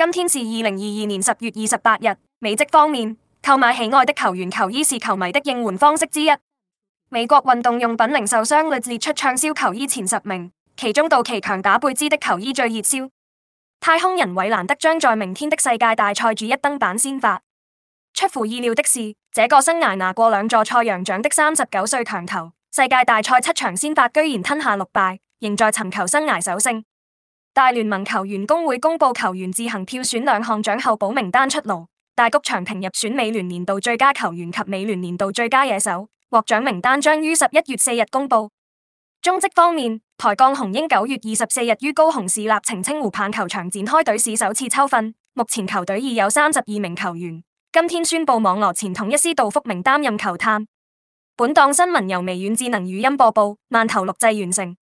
今天是二零二二年十月二十八日。美職方面，購買喜愛的球員球衣是球迷的應援方式之一。美國運動用品零售商列出暢銷球衣前十名，其中道奇強打貝茲的球衣最熱銷。太空人韋蘭德將在明天的世界大賽主一登板先發。出乎意料的是，這個生涯拿過兩座賽揚獎的三十九歲強投，世界大賽七場先發居然吞下六敗，仍在尋求生涯首勝。大聯盟球員工會公佈球員自行票選兩項獎候補名單出爐，大谷翔平入選美聯年度最佳球員及美聯年度最佳野手，獲獎名單將於十一月四日公佈。中職方面，台鋼雄鷹九月二十四日於高雄市立澄清湖棒球場展開隊史首次秋訓，目前球隊已有三十二名球員，今天宣佈網羅前統一獅杜福明擔任球探。本檔新聞由微軟智能語音播報，慢投錄製完成。